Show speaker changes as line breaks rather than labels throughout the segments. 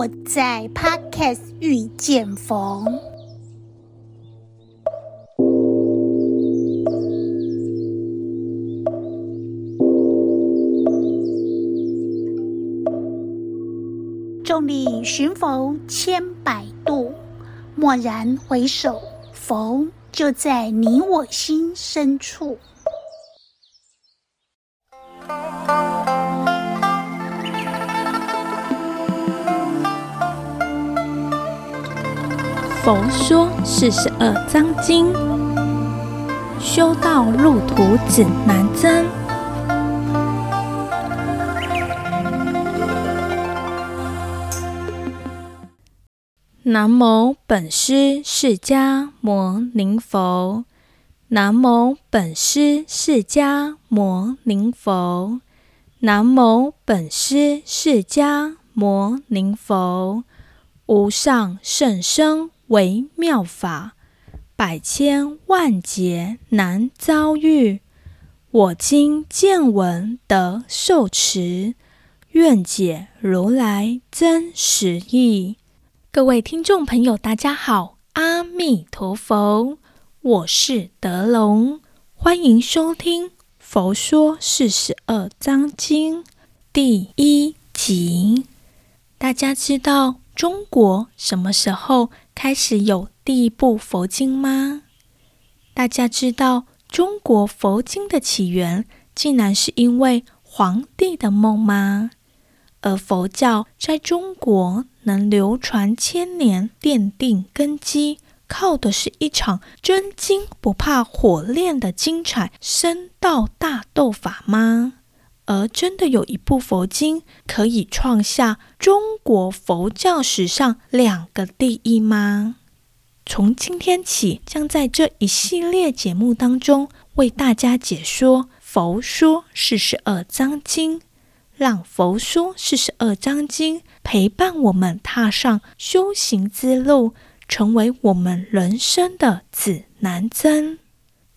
我在 Podcast 遇見佛，眾裡尋佛千百度，驀然回首，佛就在你我心深處。佛說四十二章經，修道路途指南針。南無本師釋迦牟尼佛，南無本師釋迦牟尼佛，南無本師釋迦牟尼佛，佛，無上甚深，為妙法，百千萬劫難遭遇。我今見聞得受持，願解如來真實意。各位聽眾朋友，大家好，阿彌陀佛，我是德龍，歡迎收聽《佛說四十二章經》第一集。大家知道中國什麼時候開始有第一部佛經嗎？大家知道中國佛經的起源，竟然是因為皇帝的夢嗎？而佛教在中國能流傳千年，奠定根基，靠的是一場真金不怕火煉的精彩僧道大鬥法嗎？而真的有一部佛經可以創下中國佛教史上兩個第一嗎？從今天起，將在這一系列節目當中為大家解說《佛說四十二章經》，讓《佛說四十二章經》陪伴我們踏上修行之路，成為我們人生的指南針。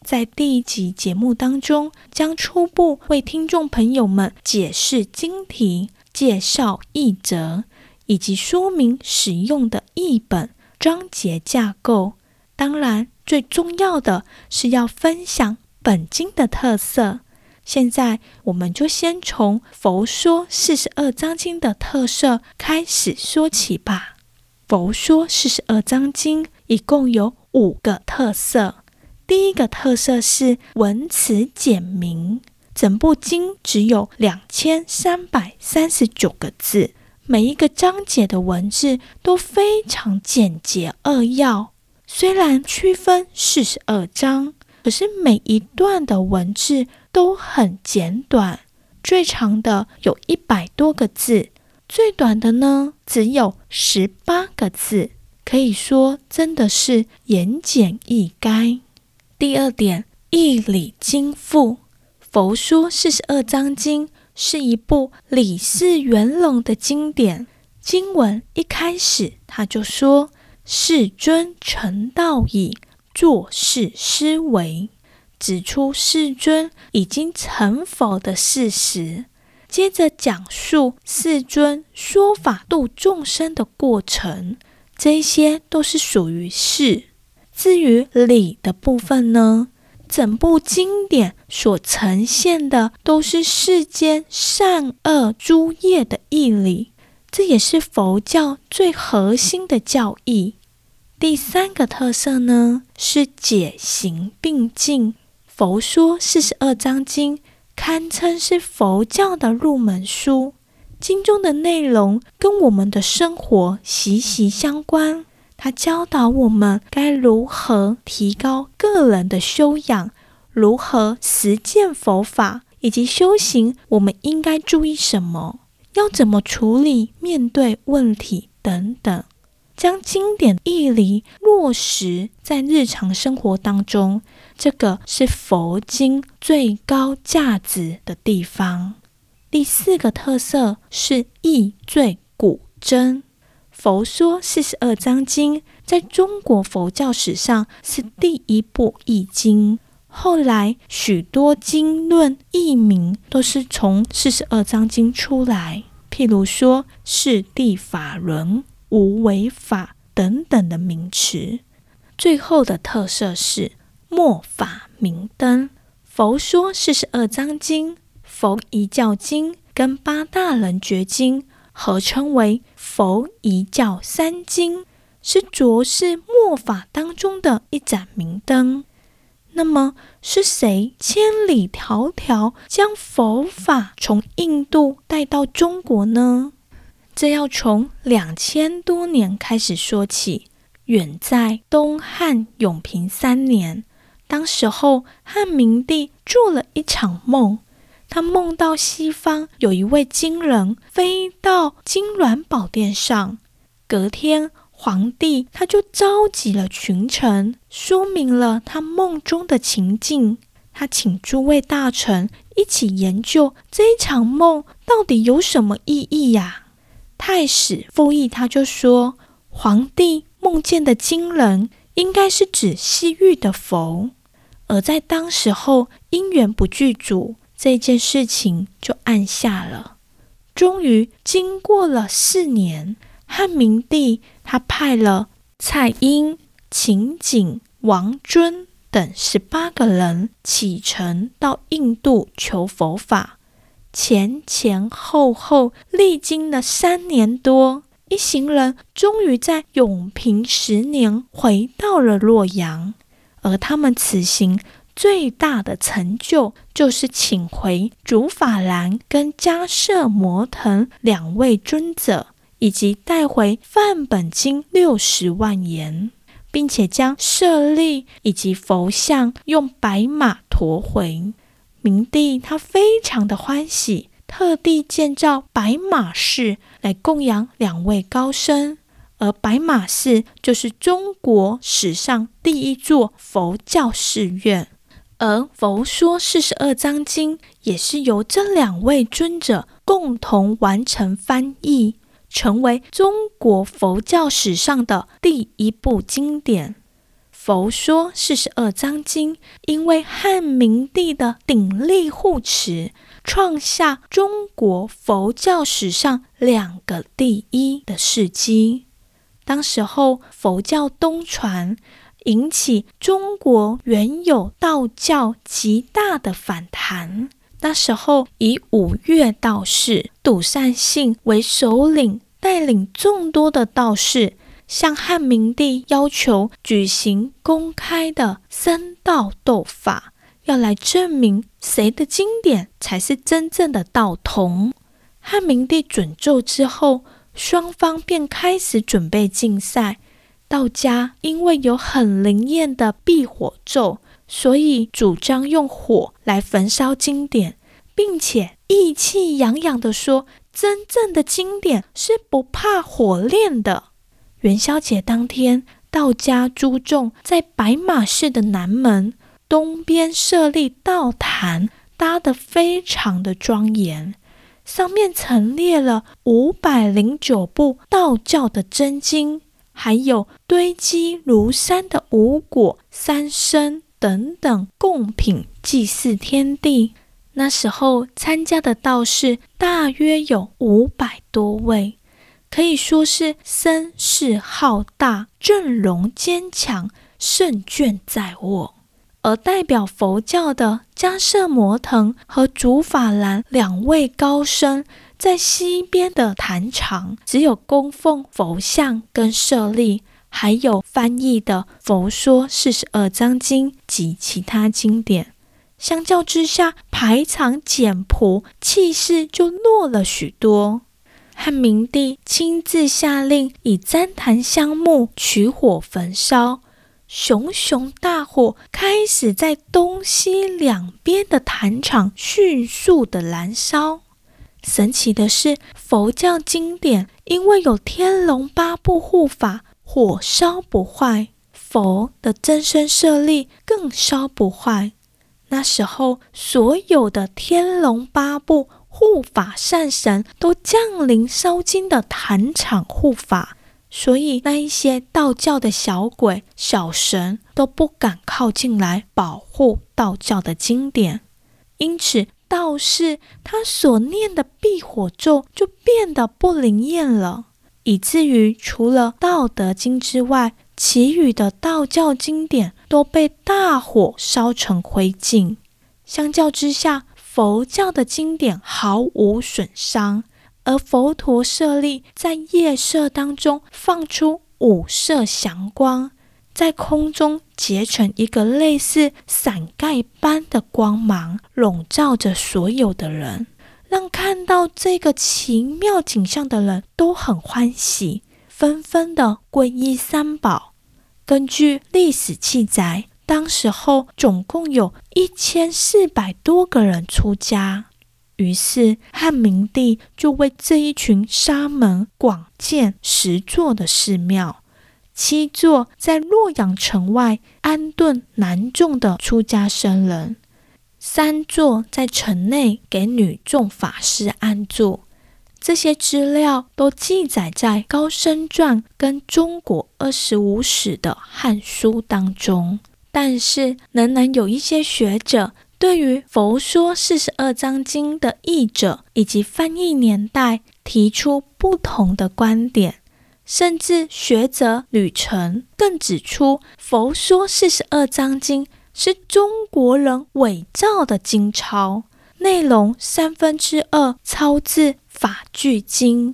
在第一集節目當中，將初步為聽眾朋友們解釋經題、介紹譯者，以及說明使用的譯本章節架構。當然，最重要的是要分享本經的特色。現在，我們就先從《佛說四十二章經》的特色開始說起吧。《佛說四十二章經》一共有五個特色。第一個特色是文辭簡明，整部經只有兩千三百三十九個字，每一個章節的文字都非常簡潔扼要。雖然區分四十二章，可是每一段的文字都很簡短，最長的有一百多個字，最短的呢只有十八個字，可以說真的是言簡意賅。第二點，義理精富。佛說四十二章經是一部理事圓融的經典。經文一開始，他就說：“世尊成道已，作是思惟，指出世尊已經成佛的事實。”接着講述世尊說法度眾生的過程，這些都是屬於事。至於理的部分呢，整部經典所呈現的都是世間善惡諸業的義理，這也是佛教最核心的教義。第三個特色呢，是解行並進，佛說四十二章經，堪稱是佛教的入門書，經中的內容跟我們的生活息息相關。他教導我們該如何提高個人的修養，如何實踐佛法以及修行，我們應該注意什麼，要怎麼處理面對問題等等，將經典義理落實在日常生活當中，這個是佛經最高價值的地方。第四個特色是譯最古真。《佛說四十二章經》在中國佛教史上是第一部譯經，後來許多經論譯名都是從《四十二章經》出來，譬如說“四諦法輪”“無為法”等等的名詞。最後的特色是“末法明燈”。《佛說四十二章經》《佛遺教經》跟《八大人覺經》，合稱為“佛遺教三經”，是濁世末法當中的一盞明燈。那麼，是誰千里迢迢將佛法從印度帶到中國呢？這要從兩千多年開始說起。遠在東漢永平三年，當時候漢明帝做了一場夢。他夢到西方有一位金人飛到金鑾寶殿上。隔天，皇帝他就召集了群臣，說明了他夢中的情境。他請諸位大臣一起研究這一場夢到底有什麼意義呀、啊？太史傅毅他就說，皇帝夢見的金人應該是指西域的佛，而在當時候因緣不具足。這件事情就暗下了。終於，經過了四年，漢明帝他派了蔡愔、秦景、王尊等十八個人啟程到印度求佛法。前前後後歷經了三年多，一行人終於在永平十年回到了洛陽，而他們此行。最大的成就就是請回竺法蘭跟迦葉摩騰兩位尊者，以及帶回梵本經六十萬言，並且將舍利以及佛像用白馬馱回。明帝他非常的歡喜，特地建造白馬寺來供養兩位高僧，而白馬寺就是中國史上第一座佛教寺院。而《佛說四十二章經》也是由這兩位尊者共同完成翻譯，成為中國佛教史上的第一部經典。《佛說四十二章經》因為漢明帝的鼎力護持，創下中國佛教史上兩個第一的事蹟。當時候，佛教東傳。引起中國原有道教極大的反彈。那時候，以五岳道士杜善信為首領，帶領眾多的道士，向漢明帝要求舉行公開的僧道鬥法，要來證明誰的經典才是真正的道統，漢明帝准奏之後，雙方便開始準備競賽。道家因為有很靈驗的避火咒，所以主張用火來焚燒經典，並且意氣洋洋地說：“真正的經典是不怕火煉的。”元宵節當天，道家諸眾在白馬寺的南門東邊設立道壇，搭得非常的莊嚴，上面陳列了五百零九部道教的真經。還有堆積如山的五果、三牲等等貢品，祭祀天地。那時候參加的道士大約有五百多位，可以說是聲勢浩大、陣容堅強、勝券在握。而代表佛教的迦葉摩騰和竺法蘭兩位高僧。在西邊的壇場，只有供奉佛像跟舍利，還有翻譯的《佛說四十二章經》及其他經典。相較之下，排場簡樸，氣勢就弱了許多。漢明帝親自下令，以旃檀香木取火焚燒，熊熊大火開始在東西兩邊的壇場迅速的燃燒。神奇的是，佛教經典因為有天龍八部護法，火燒不壞；佛的真身舍利更燒不壞。那時候，所有的天龍八部護法善神都降臨燒經的壇場護法，所以那一些道教的小鬼小神都不敢靠近來保護道教的經典，因此，道士他所念的避火咒就變得不靈驗了，以至於除了《道德經》之外，其餘的道教經典都被大火燒成灰燼。相較之下，佛教的經典毫無損傷，而佛陀舍利在夜色當中放出五色祥光。在空中結成一個類似傘蓋般的光芒，籠罩着所有的人，讓看到這個奇妙景象的人都很歡喜，紛紛的皈依三寶。根據歷史記載，當時候總共有一千四百多個人出家，於是漢明帝就為這一群沙門廣建十座的寺廟。七座在洛陽城外安頓男眾的出家僧人，三座在城內給女眾法師安住。這些資料都記載在《高僧傳》跟《中國二十五史》的《漢書》當中，但是仍然有一些學者對於《佛說四十二章經》的譯者以及翻譯年代提出不同的觀點。甚至學者呂澄更指出，《佛說四十二章經》是中國人偽造的經鈔，內容三分之二抄自《法句經》。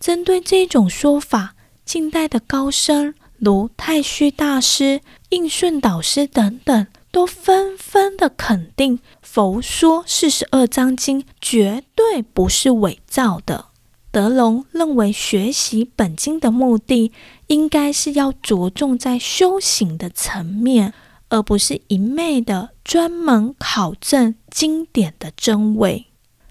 針對這種說法，近代的高僧如太虛大師、印順導師等等，都紛紛的肯定，《佛說四十二章經》絕對不是偽造的。德隆認為，學習本經的目的，應該是要着重在修行的層面，而不是一味的專門考證經典的真偽。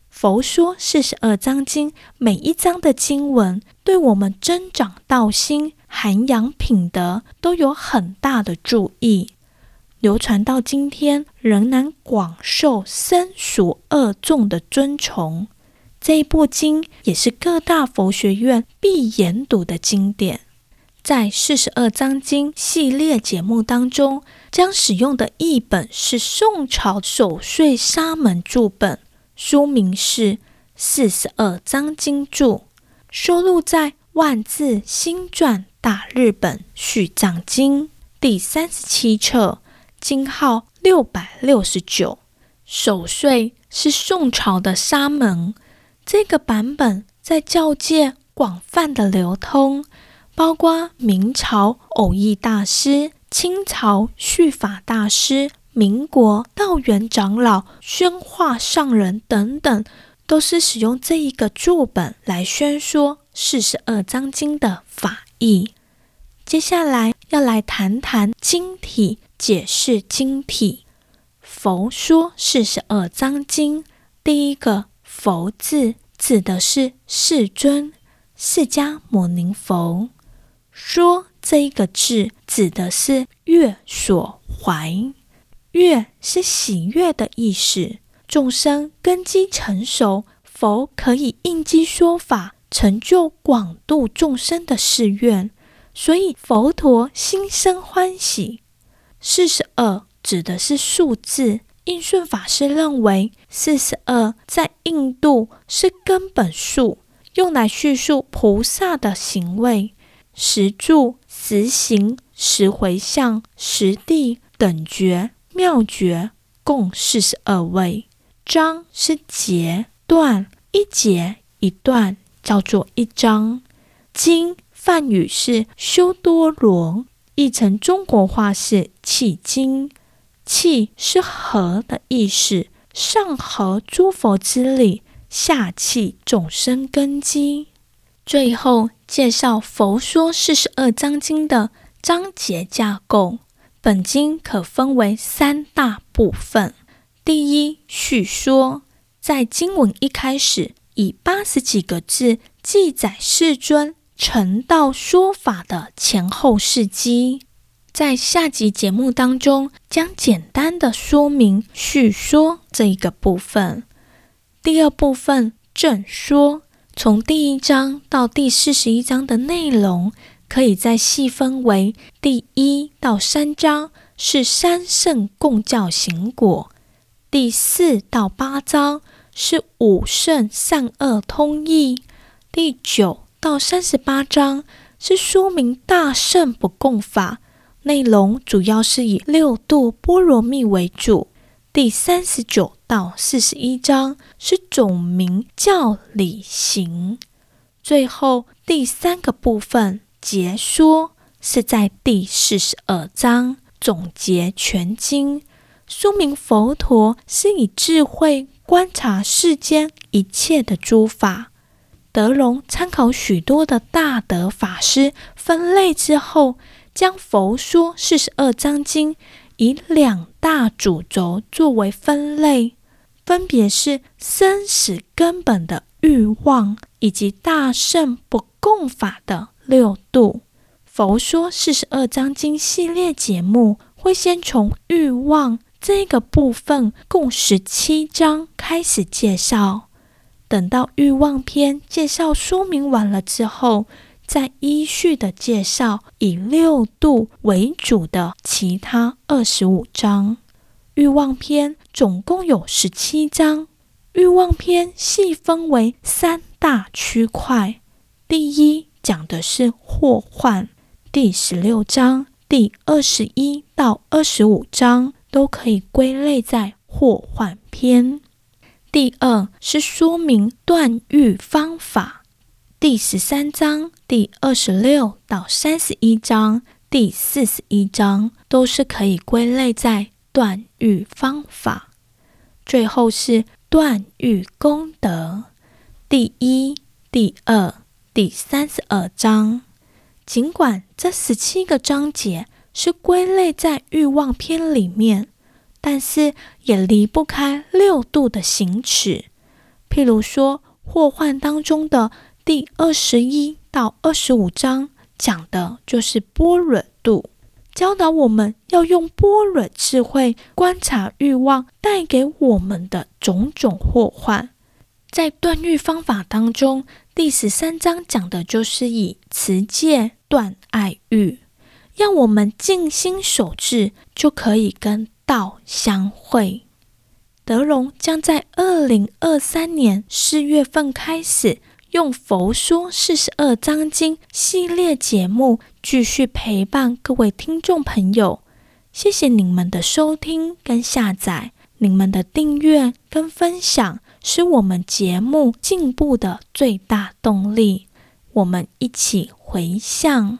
佛說四十二章經，每一章的經文，對我們增長道心、涵養品德，都有很大的助益，流傳到今天，仍然廣受僧俗二眾的尊崇。這一部經也是各大佛學院必研讀的經典，在四十二章經系列節目當中，將使用的譯本是宋朝守歲沙門註本，書名是《四十二章經注》，收錄在《萬字新傳大日本續藏經》第三十七冊，經號六百六十九。守歲是宋朝的沙門。這個版本在教界廣泛的流通，包括明朝藕益大師、清朝續法大師、民國道源長老、宣化上人等等，都是使用這一個注本來宣說四十二章經的法義。接下來要來談談經題解釋經題，佛說四十二章經，第一個。佛字指的是世尊釋迦牟尼佛，說這一個字指的是悅所懷，悅是喜悅的意思。眾生根機成熟，佛可以應機說法，成就廣度眾生的誓願，所以佛陀心生歡喜。四十二指的是數字。印順法師認為，四十二在印度是根本數，用來敘述菩薩的行位、十住、十行、十迴向、十地等覺妙覺，共四十二位。章是節段，一節一段叫做一章。經，梵語是修多羅，譯成中國話是契經。契是合的意思，上合諸佛之理，下契眾生根機。最後介紹《佛說四十二章經》的章節架構。本經可分為三大部分：第一，敘說，在經文一開始以八十幾個字記載世尊成道說法的前後事跡。在下集節目當中，將簡單的說明序說這一個部分。第二部分正說，從第一章到第四十一章的內容，可以再細分為第一到三章是三乘共教行果，第四到八章是五乘善惡通義，第九到三十八章是說明大乘不共法。內容主要是以六度波羅蜜為主，第三十九到四十一章是總名教理行，最後第三個部分結說，是在第四十二章總結全經，說明佛陀是以智慧觀察世間一切的諸法。德隆參考許多的大德法師分類之後，將《佛說四十二章經》以兩大主軸作為分類，分別是生死根本的欲望，以及大乘不共法的六度。《佛說四十二章經》系列節目會先從欲望這個部分，共十七章開始介紹。等到欲望篇介紹說明完了之後，再依序的介紹以六度為主的其他二十五章，欲望篇總共有十七章。欲望篇細分為三大區塊：第一講的是禍患，第十六章、第二十一到二十五章都可以歸類在禍患篇；第二是說明斷欲方法。第十三章、第二十六到三十一章、第四十一章都是可以歸類在斷欲方法。最後是斷欲功德，第一、第二、第三十二章。儘管這十七個章節是歸類在欲望篇裡面，但是也離不開六度的行持，譬如說，禍患當中的。第二十一到二十五章講的就是般若度，教導我們要用般若智慧觀察欲望帶給我們的種種禍患。在斷欲方法當中，第十三章講的就是以持戒斷愛欲，讓我們靜心守志，就可以跟道相會。德隆將在二零二三年四月份開始。用《佛說四十二章經》系列節目繼續陪伴各位聽眾朋友，謝謝你們的收聽跟下載，你們的訂閱跟分享是我們節目進步的最大動力，我們一起回向。